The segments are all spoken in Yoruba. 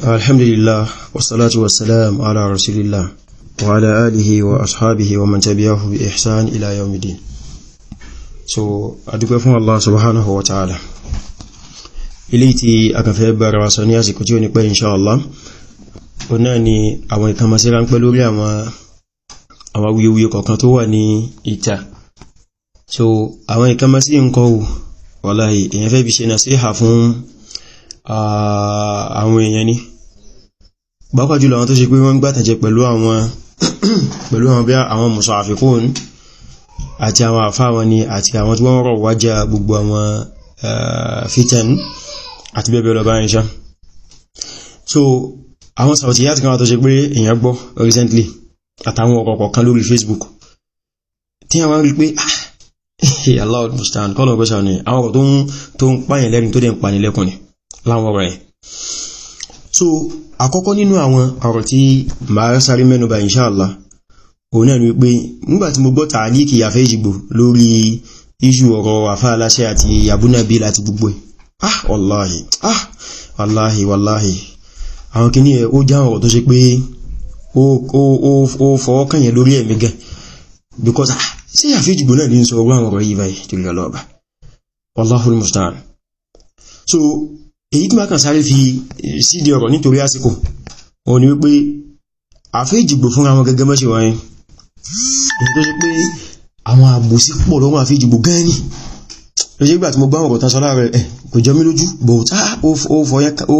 الحمد لله والصلاة والسلام على رسول الله وعلى آله وأصحابه ومن تبعه بإحسان إلى يوم الدين so adúpẹ́ fún Allah subhanahu wa ta'ala ilé tí a kàn fẹ́ bára wa sọ ní àsìkò tí ó ní pẹ́ insha Allah o náà ni àwọn ìkànmọ́sí ránpẹ́ lórí àwọn àwọn wuyewuye kọ̀ọ̀kan tó wà ní ìta so àwọn ìkànmọ́sí nǹkan wù wallahi èyàn fẹ́ bí ṣe nasiha fún àwọn èèyàn ni pàápàá jùlọ àwọn tó ṣe pé wọ́n gbàtànjẹ pẹ̀lú àwọn pẹ̀lú àwọn bí àwọn musaafikun àti àwọn àfáwọn ni àti àwọn tí wọ́n rọ̀ wájá gbogbo àwọn eh, fitan àti bẹ́bẹ̀ lọ bá ń ṣá so àwọn sàwọ̀tíyà ti kan tó ṣe pé èyàn gbọ́ recently àtàwọn ọ̀kọ̀ọ̀kọ̀ kan lórí Facebook tí a wọ́n rí pé ah, Allah mustaan kọ́lọ̀ ni àwọn ọ̀rọ̀ tó ń pààyàn lẹ́rin tó dẹ̀ ń pààyàn lẹ́kùn ni láwọn so àkọ́kọ́ nínú àwọn ọ̀rọ̀ tí màá sáré mẹ́nubà inṣáàlá òun náà ni wípé nígbàtí mo gbọ́ tààlíkì yàfẹ́ ìjìgbò lórí iṣu ọ̀rọ̀ àfá aláṣẹ àti àbúnàbí láti gbogbo ẹ̀ ah wallahi ah wallahi wallahi àwọn kìíní ẹ̀ ó já ọ̀rọ̀ tó ṣe pé ó fọwọ́ kànyẹ̀ lórí ẹ̀mí because ah sí yàfẹ́ ìjìgbò náà ní sọ ọ̀rọ̀ àwọn ọ̀rọ̀ yìí báyìí tó lọ́ba wallahul musta'an so èyí tí máa kàn sáré fi eh, sídi ọ̀rọ̀ nítorí àsìkò wọn ni wípé àfẹ́ ìjìgbò fún àwọn gẹ́gẹ́ mẹ́ṣẹ̀ wáyé èyí tó ṣe pé àwọn àbòsí pọ̀ lọ́wọ́ àfẹ́ ìjìgbò gan ni ló ṣe gbà tí mo gbá ọ̀rọ̀ tán sọ láàrẹ ẹ̀ kò jọ mí lójú bọ̀tá ó ah,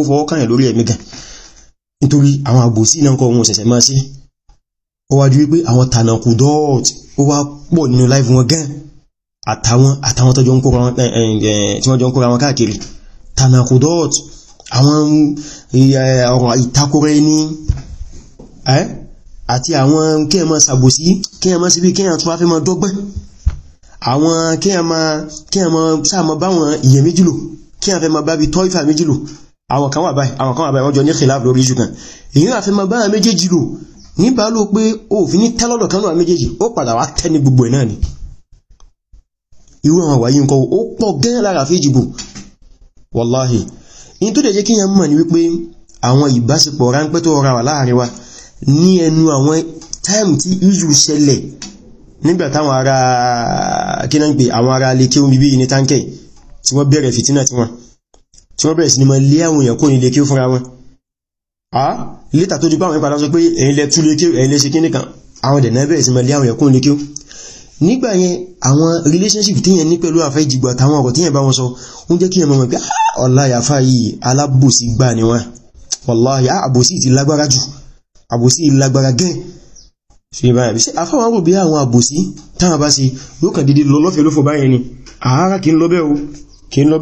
fọwọ́ kàyàn lórí ẹ̀mí gan nítorí àwọn àbòsí náà kọ ohun ṣẹ̀ṣẹ̀ máa ṣe ó wájú wípé àwọn tànàkù dọ́ọ̀t ó wá pọ̀ nínú láìfún wọn gan àtàwọn àtàwọn tí wọ́n jọ ń kóra wọn káàkiri tanakudot àwọn eh, ọ̀rọ̀ ìtakọrẹ ní ẹ́ eh, àti àwọn kíyàmọ́ sàbòsí kíyàmọ́ síbí kíyàmọ́ tó wá fẹ́ mọ́ dọ́gbọ́n àwọn kíyàmọ́ sáàmọ́ báwọn ìyẹ̀ méjìlò kíyàmọ́ fẹ́ mọ́ bá bí tọ́ífà méjìlò àwọn kan wà báyìí àwọn kan wà báyìí wọ́n jọ ní khilaf lórí ìṣù kan èyí àfẹ́ mọ́ báwọn méjèèjì lò níbà ló pé òfin ní tẹ́lọ́lọ̀ kan náà méjèèjì ó padà wá tẹ́ ní gbogbo ẹ̀ náà ni irú àwọn wáyé nǹkan ó pọ̀ gẹ́rẹ́ lára fíjìbò wallahi in tó dẹ̀ jẹ́ kí yẹn mọ̀ ní wípé àwọn ìbáṣepọ̀ ránpẹ́ tó ra wà láàrin wa ní ẹnu àwọn táìmù tí ìjù ṣẹlẹ̀ nígbà táwọn ará kíná ń pè àwọn ará lè kéhùn bíbí ní táǹkẹ̀ tí wọ́n bẹ̀rẹ̀ fìtínà tí wọ́n tí wọ́n bẹ̀rẹ̀ sí ni mọ́ lé àwọn èèyàn kó ní lè kéhùn fúnra wọn a lítà tó dípá àwọn ìpadà sọ pé èyí lẹ tú lè kéhùn èyí lè ṣe kíníkan àwọn dẹ̀ náà bẹ̀rẹ̀ sí mọ́ lé àwọn èèyàn kó ní lè kéhùn nígbà yẹn àwọn relationship tíyẹn ní pẹ̀lú àfẹ́ ìjìgbà àtàwọn ọ̀rọ̀ tíyẹn bá wọn sọ ó jẹ́ kí ẹ mọ̀ pé ah, ọláyà fà yìí alábòsí gbà ní wọn wàláyà ah, àbòsí ti lágbára jù àbòsí lágbára gẹ́ ṣe báyà bí sí afáwọn rò bí àwọn àbòsí táwọn bá ṣe yóò kàn dédé lọ́fẹ̀ẹ́ ló fò báyẹn ni àárá kí n lọ bẹ́ẹ̀ o kí n lọ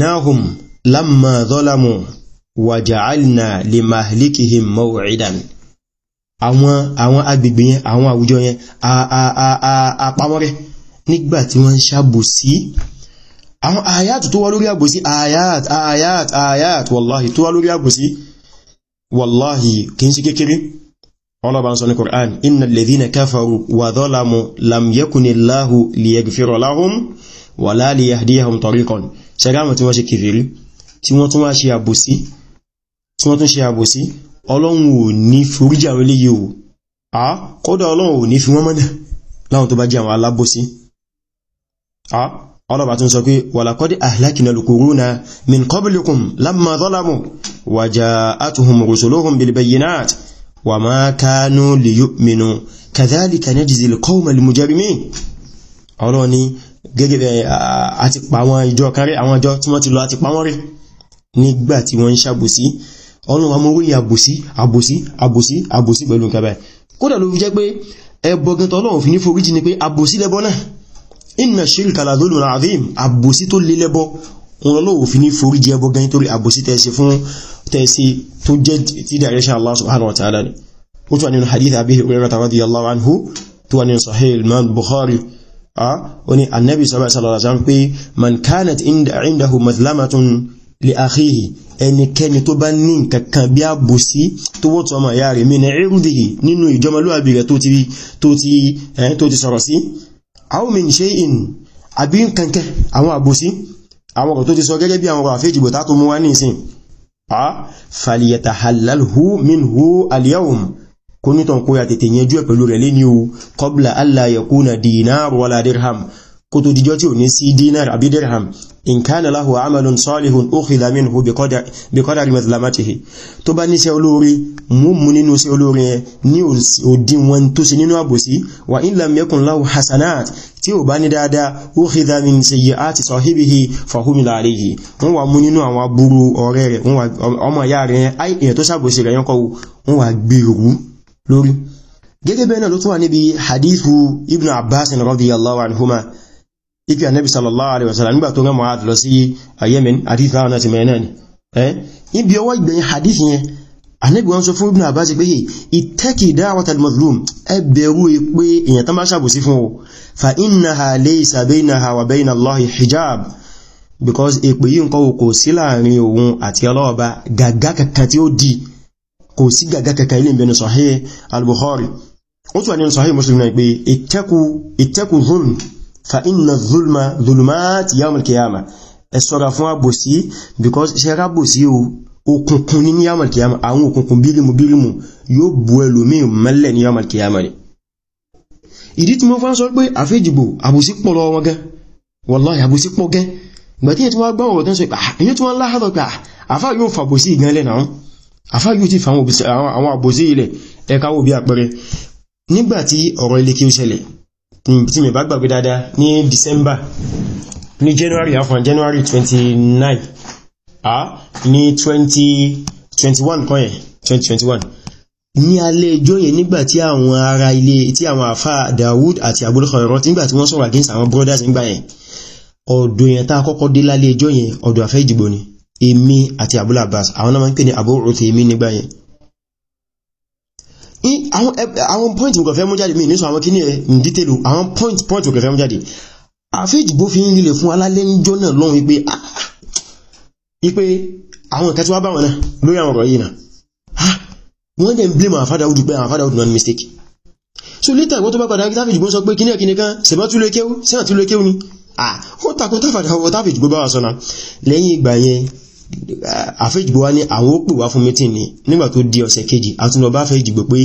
bẹ́ẹ̀ lamma zalamu wàjàálìnà lè máa líkìhì mọ́wọ̀ ìdàn àwọn agbègbè yẹn àwọn àwùjọ yẹn àpamọ́rẹ́ nígbàtí wọ́n ń ṣàbòsí àwọn àyàtù tó wá lórí àbòsí àyàt àyàt àyàt wàláhì tó wá lórí àbòsí wàláhì kì í kékeré ọlọ́bà ń sọ ní Qur'an inna alladhina kafaru wa dhalamu lam yakunillahu liyaghfira lahum wala liyahdiyahum tariqan ṣe gáàmù tí wọ́n ṣe kèfèrí tí wọ́n tún wá ṣe àbòsí tí wọ́n tún ṣe àbòsí ọlọ́run ò ní foríjì àwọn eléyìí o a kódà ọlọ́run ò ní fi wọ́n mọ́nà láwọn tó bá jẹ́ àwọn alábòsí a ọlọ́bà tún sọ pé walaqad ahlakna al-quruna min qablikum lamma zalamu wa ja'atuhum rusuluhum bil bayyinat wa ma kanu liyu'minu kadhalika najzi al-qawma al-mujrimin ọlọ́run ni gẹ́gẹ́ bẹ̀ àti pa ìjọ kan àwọn ìjọ tí wọ́n ti lọ àti pa rí nígbà tí wọ́n ń ṣàbòsí ọlọ́run amórí àbòsí àbòsí àbòsí àbòsí pẹ̀lú nǹkan báyìí kódà ló fi jẹ́ pé ẹbọgan tọ́lọ́run fi ní foríjì ni pé àbòsí lẹ́bọ náà inna shirka la dhulmun adhim àbòsí tó lé lẹ́bọ wọn lọ́wọ́ fi ní foríjì ẹbọgan nítorí àbòsí tẹ́ẹ̀sí fún tẹ́ẹ̀sí tó jẹ́ ti direction Allah subhanahu wa ta'ala ni ó tún wà nínú hadith Abi Hurairah radiyallahu anhu tó wà nínú Sahih Imam Bukhari ah, a li akhihi ẹnikẹ́ni tó bá ní nǹkankan bí àbòsí tó wọ́n tó ọmọ ìyá rẹ̀ mi ní ẹrùdìhì nínú ìjọmọlúwàbí rẹ̀ tó ti sọ̀rọ̀ sí aw min shay'in àbí nǹkankẹ́ àwọn àbòsí àwọn ọ̀rọ̀ tó ti sọ a falyatahallalhu minhu al-yawm kó nítàn kó ya tètè yẹn jú ẹ̀ pẹ̀lú rẹ̀ lé ní o dinar wala kó tó dijọ́ tí ò ní sí dinar àbí dirham in kana lahu amalun salihun ukhidha minhu biqadari mazlamatihi tó bá níṣẹ́ olóore múmú nínú iṣẹ́ olóore ẹ ní òdíwọ̀n tó ṣe nínú àbòsí wa in lam yakun lahu hasanat tí ò bá ní dáadáa ukhidha min sayyiati sahibihi fahumila alayhi wọ́n wà mú nínú àwọn aburú ọ̀rẹ́ rẹ̀ ọmọ ìyá rẹ̀ ai èyàn tó ṣàbòsí rẹ̀ yọ́kọ̀ wọ́n wà gbèrú lórí gẹ́gẹ́ bẹ́ẹ̀ náà ló tún wà níbi hadithu ibn abbas radiyallahu anhuma ipi anabi sallallahu alaihi wasallam nígbà tó rán Mu'adh lọ sí Yemen hadith náà ti mẹ́rin náà ni ẹ́ níbi ọwọ́ ìgbẹ̀yìn hadith yẹn anabi wọ́n sọ fún Ibn Abbas pé ittaqi da'watal mazlum ẹ bẹ̀rù pé èyàn tán bá ṣàbòsí fún o fa innaha laysa baynaha wa bayna Allahi hijab because èpè yìí nǹkan kò sí láàrin òun àti ọlọ́ọ̀ba gàgá kankan tí ó di kò sí gàgá kankan ilé ìbẹnu Sahih al-Bukhari ó tún wà Sahih Muslim náà pé ittaqu ittaqu zulm fa inna dhulma dhulumat yawm al-qiyama ẹ ṣọ́ra fún àbòsí because ṣe rábòsí o òkùnkùn ní ní yawm al-qiyama àwọn òkùnkùn bírímù bírímù yóò bu ẹlòmíì mẹ́lẹ̀ ní yawm al-qiyama ni ìdí tí mo fá ń sọ pé àfẹ́jìgbò àbòsí pọ̀ lọ wọn gẹ́ wallahi àbòsí pọ̀ gẹ́ gbẹ̀tí ètò wọ́n gbọ́nwò tán sọ pé ah, èyí tí wọ́n láhàtọ̀ pé ah, àfá yóò fàbòsí ìgan lẹ́nà wọn àfá yóò ti fàwọn àbòsí ilẹ̀ ẹ̀ka wo bí àpẹẹrẹ nígbàtí ọ̀rọ̀ ilé kí ó ṣẹlẹ̀ tí mi bá gbàgbé dáadáa ní December ní January afọ́n January 29 a ní 2021 kan yẹn 2021 ní alẹ́ ẹjọ́ yẹn nígbàtí àwọn ará ilé tí àwọn àfá Dawood àti Abul Khairat nígbàtí wọ́n sọ̀rọ̀ against àwọn brothers nígbà yẹn ọ̀dọ̀ yẹn tá kọ́kọ́ dé lálẹ́ ẹjọ́ yẹn ọ̀dọ̀ àfẹ́ ìdìbò ni èmi àti Abul Abbas àwọn náà máa ń pè ní Abu Uthaymin nígbà yẹn Eh, eh, àwọn point mo kàn fẹ́ mú jáde mi nísọ àwọn kíní ẹ̀ in detail àwọn point point mo kàn fẹ́ mú jáde àfíìjìgbó fi ń rílẹ̀ fún alálẹ́ níjọ́ náà lọ́hun wípé ah, wípé àwọn ìkẹtí wá bá wọn náà lórí àwọn ọ̀rọ̀ yìí náà ah, wọ́n dẹ̀ ń blame àwọn father hood pé àwọn father hood non mistake so later ìwọ́n tó bá padà táfíìjìgbó sọ pé kíní ẹ̀kíní kan sẹ̀bọ́ tún lè kéwú sẹ́wọ̀n tún lè kéwú ni ah, ó takò táfíìjìgbó bá wà sọ́nà lẹ́yìn ìgbà yẹn àfẹ́jìgbò wá ní àwọn ó pè wá fún mítìn ní nígbà tó di ọ̀sẹ̀ kejì àtúnlọ́bá àfẹ́jìgbò pé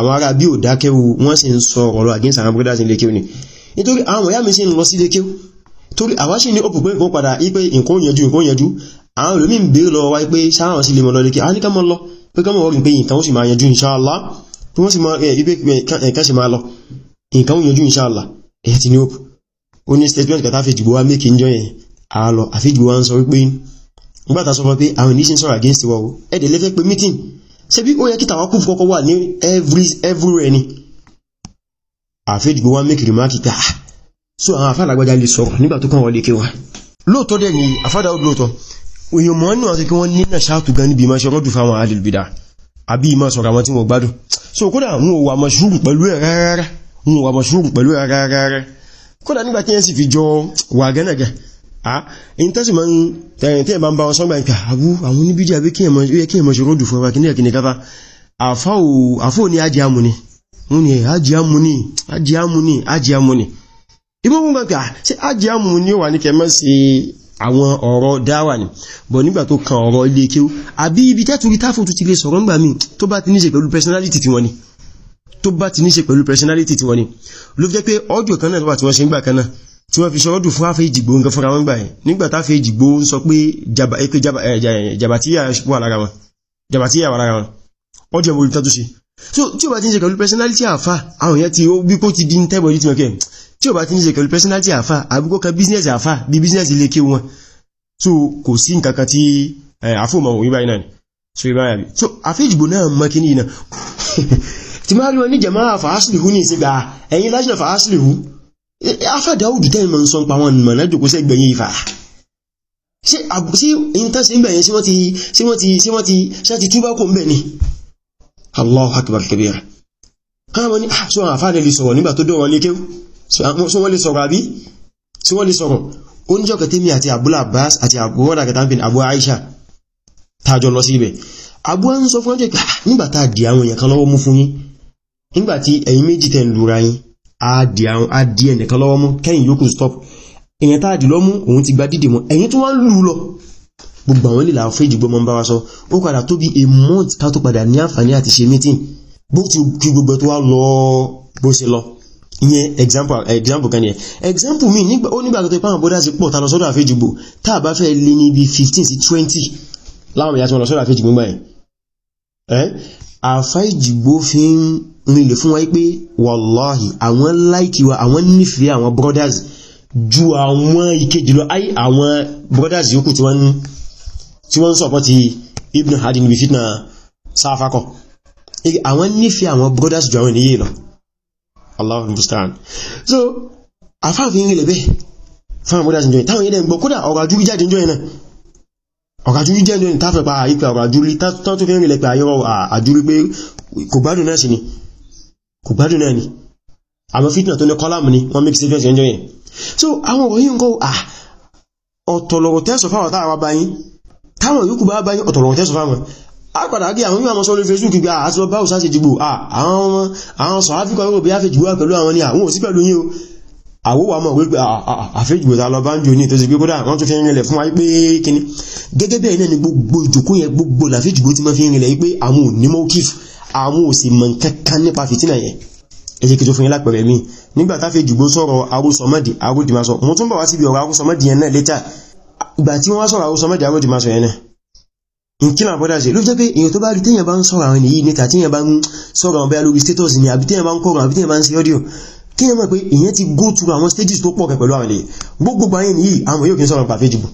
àwọn ará bí ò dákẹ́wò wọ́n sì ń sọ ọ̀rọ̀ against àwọn brothers ilé kéwò ni nítorí àwọn ìyá mi sì ń lọ sí ilé kéwò torí àwa sì ní òpùpẹ́ nǹkan padà ipé nǹkan yẹjú nǹkan yẹjú àwọn olómi ń béèrè lọ wá pé sáwọn sì lè mọ statement kàtà fi jùgbọ́ wá mékì ń nígbàtà sọ fún pé àwọn nation sọ̀rọ̀ against wa o ẹ̀dẹ̀ lẹ́fẹ́ pé meeting ṣe bí ó yẹ kí tàwákù kọ́kọ́ wà ní everywhere ni àfẹ́dìgbò wá mẹ́kìrì máàkì pé ah so àwọn àfàlàgbàjá lè sọ̀rọ̀ nígbà tó kàn wọlé kí wọn lóòtọ́ dẹ̀ ni àfádà ó lóòtọ́ òyìn mọ́ náà ti kí wọ́n nínà ṣáàtù gan níbi ìmáṣẹ́ rọ́dù fáwọn alìlbìdà àbí ìmá sọ̀rọ̀ àwọn tí wọ́n gbádùn so kódà wọn ò wà mọ̀ṣúrù pẹ̀lú ẹ̀ rárá wọn ò wà mọ̀ṣúrù pẹ̀lú ẹ̀ rárá kódà nígbà tí yẹn sì fi jọ wà gẹ́nàgẹ́ Ah, in tó sì ma ń tẹ̀yìn tí ẹ̀bá ń bá wọn sọ́gbà ìpẹ̀ àbú àwọn oníbíjì àbí kí ẹmọ ṣe ròdù fún ẹwà kìí ẹ̀kìní kápá àfọ́ ní ajé amúni mú ni ajé amúni ajé amúni ajé amúni ìmọ̀ mú gbàgbà sí ajé amúni wà ní kẹmọ́ sí àwọn ọ̀rọ̀ dáwà ni bọ̀ nígbà tó kan ọ̀rọ̀ ilé kí ó àbí ibi tẹ́tùrí táfò tó ti lè sọ̀rọ̀ ńgbà míì tó bá ti níṣe pẹ̀lú personality tiwọn ni tó bá ti níṣe pẹ̀lú personality tiwọn ni ló fi jẹ́ pé ọjọ́ kan náà tó wà tí wọ́n ṣe ń gbà kan náà tí wọ́n fi sọ́rọ́dù fún àfẹ́ ìjìgbò ń gẹ fúnra wọn gbà yẹn nígbàtà fẹ́ ìjìgbò ń sọ pé jabatíyà so tí o bá ti ń ṣe personality àfà àwọn èèyàn tí ó bí kó ti bí ń tẹ́bọ̀ personality àfà àbúkọ́ kan business àfà bí business ilé kí wọn so kò sí nǹkan kan tí àfòmọ̀ òyìn so ìbáyà bí so àfẹ́jìgbò náà mọ́ kí ní ìná tí máa rí wọn ní jẹ̀máà fàásìlìhú ní ìsìgbà ẹ̀yìn lájìnà Eh, eh, afẹ́dà òdù tẹ́ ìmọ̀ ń sọ ń pa wọn mọ̀ náà jòkó sẹ́gbẹ̀yìn ìfà sí ìntẹ́sí ń bẹ̀yẹn sí wọ́n ti sí wọ́n ti sí wọ́n ti ṣẹ́ ti túbá kò ń bẹ̀ ni Allahu akbar kabira káàmọ́ ní ah, ṣe wọ́n àfáà lè sọ̀rọ̀ nígbà tó dán wọn lékéw ṣe wọ́n lè sọ̀rọ̀ àbí ṣe wọ́n lè sọ̀rọ̀ oúnjẹ kẹtẹ́mi àti abúlà Abbas àti àbúrọ̀dà kẹtàmpin Abu Aisha tàjọ lọ sí ibẹ̀ abúwa ń sọ fún ọjọ́ ìgbà ah, nígbà tá a di àwọn èèyàn kan lọ́wọ́ mú fún yín nígbà tí ẹ̀yin méjì tẹ̀ ń lura yín àdì àwọn àdì ẹnìkan lọ́wọ́ mú kẹ́yìn yókù stop èyàn tá àdì lọ́mú òun ti gba dídè mọ́ ẹ̀yìn tó wá ń lù lọ gbogbo àwọn ìlà fèjì gbọmọ bá wa sọ ó padà tó bí a month ká tó padà ní àǹfààní àti ṣe meeting bó ti kí gbogbo tó wá lọ bó ṣe lọ ìyẹn example example kan yẹn example mi nígbà ó nígbà tó ti pàwọn bọ́dá sí pọ̀ ta lọ sọ́dọ̀ àfẹ́jìgbò tá a bá fẹ́ lé ní bí 15 sí 20 láwọn ìyá tí wọ́n lọ sọ́dọ̀ àfẹ́jìgbò gbà yẹn àfẹ́jìgbò fi ń rinlẹ̀ fún wa pé wàláhì àwọn láìkì wa àwọn nífẹ̀ẹ́ àwọn brothers ju àwọn ìkejì lọ ayé àwọn brothers yòókù tí wọ́n tí wọ́n ń sọ̀pọ̀ ti Ibn Hadi níbi fitna sáfakọ̀ àwọn nífẹ̀ẹ́ àwọn brothers ju àwọn ènìyàn lọ Allahu mustaan so afáàfin rinlẹ̀ bẹ́ẹ̀ fáwọn brothers jọ táwọn yẹ́dẹ̀ ń gbọ́ kódà ọ̀rọ̀ àjúrí jáde jọ náà ọ̀rọ̀ àjúrí jẹ́ jọ ní táfẹ́ pa ìpẹ́ ọ̀rọ̀ àjúrí tó fi ń rinlẹ̀ pé ayọ́rọ̀ àjúrí pé kò gbádùn náà sí ni kò gbádùn náà ni àwọn fitna tó ní kọ́lámù ni wọ́n mix events ẹjọ́ yẹn so àwọn ọ̀rọ̀ yìí ń kọ́ à ah, ọ̀tọ̀lọ̀rọ̀ tẹ́sọ̀ fáwọn táwọn bá yín táwọn yòókù bá bá yín ọ̀tọ̀lọ̀rọ̀ tẹ́sọ̀ fáwọn àpàdà kí àwọn yóò àmọ́ sọ́lọ́ Facebook gbà àti ah, lọ bá òsá ti dìbò ah, àwọn sọ áfíkà yóò bí áfíjì wá pẹ̀lú àwọn ní àwọn òsí pẹ̀lú yín o àwọ́wà mọ̀ wípé àfíjì wòta lọ bá ń jò ní tó sì wọ́n tún fi rìnlẹ̀ fún wáyé pé kíní gẹ́gẹ́ bẹ́ẹ̀ náà ni gbogbo ìjòkó yẹn gbogbo làfíjì bó ti mọ́ fi rìnlẹ̀ wípé àwọn ò ní mọ́ kífù àwọn òsì mọ̀ kankan nípa fìtínà yẹn ẹjẹ́ kí tó fún yín lápẹẹrẹ mi nígbàtá fi jùgbó sọ̀rọ̀ arúsọmọ́dì arúdìmásọ mo tún bọ̀ wá síbi ọ̀rọ̀ arúsọmọ́dì yẹn náà létà ìgbà tí wọ́n sọ̀rọ̀ arúsọmọ́dì arúdìmásọ yẹn náà nkílà bọ́dá ṣe ló jẹ́ pé ni àbí téyàn bá ń kọ̀rọ̀ àbí téyàn bá ń go through àwọn stages tó pọ̀ kẹ̀ pẹ̀lú àwọn èyí gbogbo ayé nìyí àwọn yóò kí ń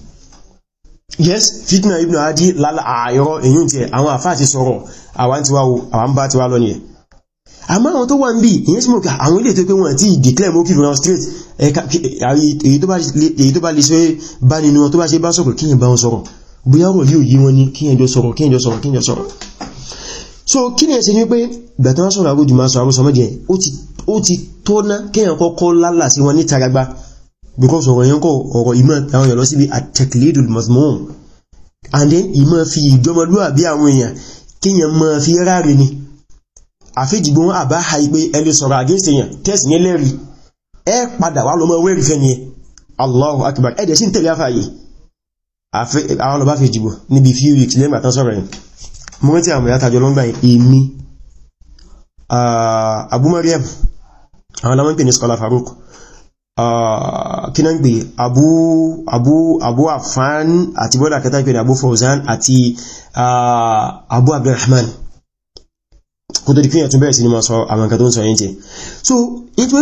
yes fitna ibn adi lala ayro eyun ti àwọn e, afa ti sọ̀rọ̀ àwọn ti wa wo àwọn bá ti wa lọ ni e àmọ́ àwọn tó wà nbi iyan si ka àwọn ilé tó pé wọ́n ti declare mo ki fún street, e ka èyí tó bá èyí tó bá lè ṣe ba nínú wọn tó bá ṣe bá sọ̀rọ̀ kiyan bá wọn soro, bóyá ro ni oyi wọn ni kiyan jọ sọ̀rọ̀ kiyan jọ sọ̀rọ̀ kiyan jọ sọ̀rọ̀ so kini ese ni pé gba tan wa sọ̀rọ̀ agoju ma so àwọn so mo je ó ti ó ti tona kiyan kokko lala si wọn ni taragba because ọ̀rọ̀ yẹn kọ́ ọ̀rọ̀ ìmọ̀ àwọn èèyàn lọ síbi at-taqlidul mazmum and then ìmọ̀ fi ìjọmọlúwàbí àwọn èèyàn kíyàn mọ́ fi ráre ni àfíjìgbó wọn àbá ha ipé ẹlú sọ̀rọ̀ against èèyàn tẹ́sì ní lẹ́rí ẹ padà wà lọ́mọ wẹ́rì fẹ́ ni Allahu akbar ẹ̀dẹ̀ sí ń tẹ̀lé afáyé àwọn ọlọ́bá fi jìgbò níbi few weeks lẹ́gbà tán sọ̀rọ̀ yìí mo rántí àwọn ìyá tàjọ lọ́gbà èmi ah, Abu Mariam àwọn lamọ́pẹ̀ ní scholar Farouk Ah, kí náà ń gbé abu abu abu afan àti bọ́dà kẹta ń pè ní abu fawzan àti ah, abu abdulrahman kò tó di kíyàn tún bẹ̀rẹ̀ sí ni ma sọ àwọn nǹkan tó ń sọ yẹn jẹ